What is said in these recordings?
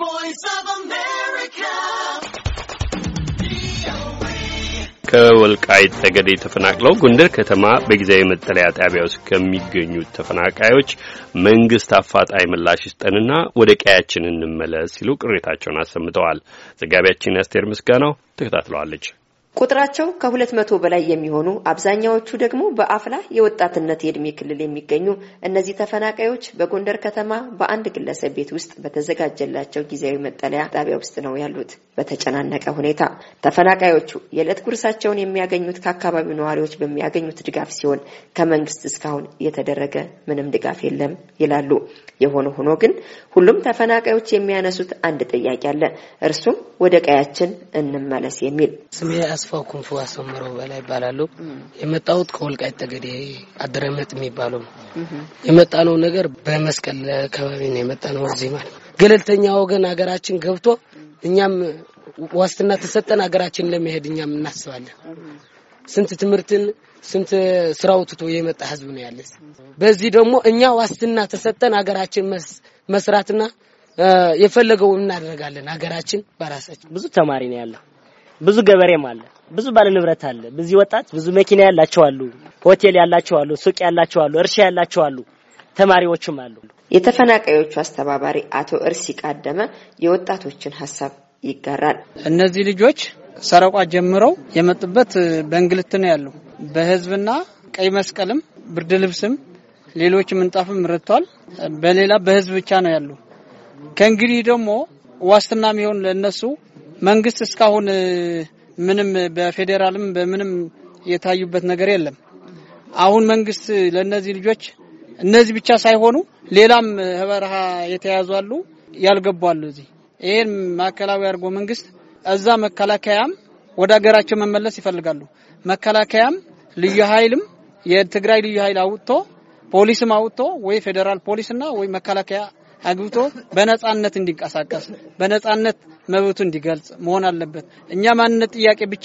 voice of America. ከወልቃይት ጠገዴ ተፈናቅለው ጎንደር ከተማ በጊዜያዊ መጠለያ ጣቢያ ውስጥ ከሚገኙ ተፈናቃዮች መንግስት አፋጣኝ ምላሽ ይስጠንና ወደ ቀያችን እንመለስ ሲሉ ቅሬታቸውን አሰምተዋል። ዘጋቢያችን አስቴር ምስጋናው ተከታትለዋለች። ቁጥራቸው ከሁለት መቶ በላይ የሚሆኑ አብዛኛዎቹ ደግሞ በአፍላ የወጣትነት የዕድሜ ክልል የሚገኙ እነዚህ ተፈናቃዮች በጎንደር ከተማ በአንድ ግለሰብ ቤት ውስጥ በተዘጋጀላቸው ጊዜያዊ መጠለያ ጣቢያ ውስጥ ነው ያሉት። በተጨናነቀ ሁኔታ ተፈናቃዮቹ የዕለት ጉርሳቸውን የሚያገኙት ከአካባቢው ነዋሪዎች በሚያገኙት ድጋፍ ሲሆን ከመንግስት እስካሁን የተደረገ ምንም ድጋፍ የለም ይላሉ። የሆነ ሆኖ ግን ሁሉም ተፈናቃዮች የሚያነሱት አንድ ጥያቄ አለ። እርሱም ወደ ቀያችን እንመለስ የሚል አስፋው ክንፉ አሰምረው በላይ ይባላለሁ። የመጣሁት ከወልቃይት ጠገዴ አደረመጥ የሚባለው የመጣ ነው ነገር በመስቀል አካባቢ ነው የመጣ ነው። እዚህ ማለት ገለልተኛ ወገን ሀገራችን ገብቶ እኛም ዋስትና ተሰጠን ሀገራችን ለመሄድ እኛም እናስባለን። ስንት ትምህርትን ስንት ስራው ትቶ የመጣ ህዝብ ነው ያለ። በዚህ ደግሞ እኛ ዋስትና ተሰጠን ሀገራችን መስራትና የፈለገው እናደርጋለን። ሀገራችን በራሳችን ብዙ ተማሪ ነው ያለው ብዙ ገበሬም አለ፣ ብዙ ባለ ንብረት አለ፣ ብዙ ወጣት፣ ብዙ መኪና ያላቸው አሉ፣ ሆቴል ያላቸው አሉ፣ ሱቅ ያላቸው አሉ፣ እርሻ ያላቸው አሉ፣ ተማሪዎችም አሉ። የተፈናቃዮቹ አስተባባሪ አቶ እርሲ ቃደመ የወጣቶችን ሀሳብ ይጋራል። እነዚህ ልጆች ሰረቋ ጀምረው የመጡበት በእንግልት ነው ያለው። በህዝብና ቀይ መስቀልም ብርድ ልብስም ሌሎች ምንጣፍም ረድቷል። በሌላ በህዝብ ብቻ ነው ያሉ። ከእንግዲህ ደግሞ ዋስትና የሚሆን ለእነሱ መንግስት እስካሁን ምንም በፌዴራልም በምንም የታዩበት ነገር የለም። አሁን መንግስት ለነዚህ ልጆች እነዚህ ብቻ ሳይሆኑ ሌላም በረሃ የተያዙ አሉ፣ ያልገቡ አሉ። እዚህ ይሄን ማዕከላዊ አድርጎ መንግስት እዛ መከላከያም ወደ ሀገራቸው መመለስ ይፈልጋሉ። መከላከያም ልዩ ኃይልም የትግራይ ልዩ ኃይል አውጥቶ ፖሊስም አውጥቶ ወይ ፌዴራል ፖሊስና ወይ መከላከያ አግብቶ በነጻነት እንዲንቀሳቀስ በነጻነት መብቱ እንዲገልጽ መሆን አለበት። እኛ ማንነት ጥያቄ ብቻ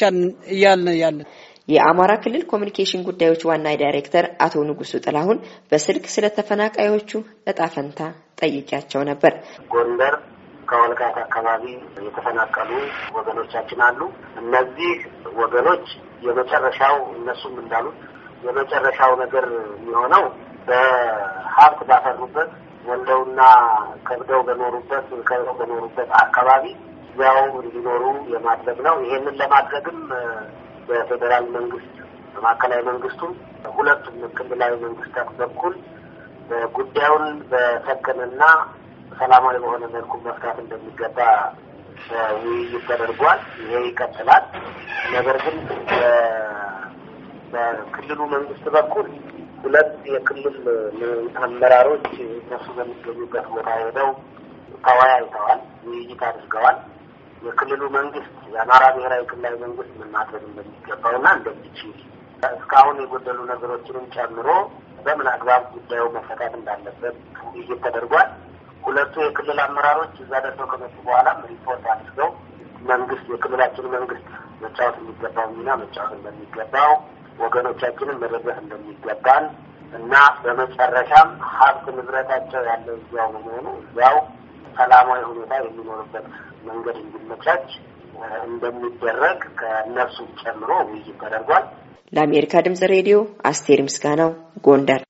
እያልን ያለን የአማራ ክልል ኮሚኒኬሽን ጉዳዮች ዋና ዳይሬክተር አቶ ንጉሱ ጥላሁን በስልክ ስለ ተፈናቃዮቹ እጣ ፈንታ ጠይቂያቸው ነበር። ጎንደር ከወልቃይት አካባቢ የተፈናቀሉ ወገኖቻችን አሉ። እነዚህ ወገኖች የመጨረሻው እነሱም እንዳሉት የመጨረሻው ነገር የሚሆነው በሀብት ባፈሩበት ወልደ እና ከብደው በኖሩበት ከብደው በኖሩበት አካባቢ ያው እንዲኖሩ የማድረግ ነው። ይሄንን ለማድረግም በፌዴራል መንግስት በማዕከላዊ መንግስቱም ሁለቱም ክልላዊ መንግስታት በኩል ጉዳዩን በሰከነና ሰላማዊ በሆነ መልኩ መፍታት እንደሚገባ ውይይት ተደርጓል። ይሄ ይቀጥላል። ነገር ግን በክልሉ መንግስት በኩል ሁለት የክልል አመራሮች እነሱ በሚገኙበት ቦታ ሄደው ተወያይተዋል፣ ውይይት አድርገዋል። የክልሉ መንግስት የአማራ ብሔራዊ ክልላዊ መንግስት ምን ማድረግ እንደሚገባውና እንደሚችል እስካሁን የጎደሉ ነገሮችንም ጨምሮ በምን አግባብ ጉዳዩ መፈታት እንዳለበት ውይይት ተደርጓል። ሁለቱ የክልል አመራሮች እዛ ደርሰው ከመጡ በኋላም ሪፖርት አድርገው መንግስት የክልላችን መንግስት መጫወት የሚገባው ሚና መጫወት እንደሚገባው ወገኖቻችንን መደገፍ እንደሚገባን እና በመጨረሻም ሀብት ንብረታቸው ያለው እዚያው በመሆኑ እዚያው ሰላማዊ ሁኔታ የሚኖርበት መንገድ እንዲመቻች እንደሚደረግ ከእነርሱ ጨምሮ ውይይት ተደርጓል። ለአሜሪካ ድምጽ ሬዲዮ አስቴር ምስጋናው ጎንደር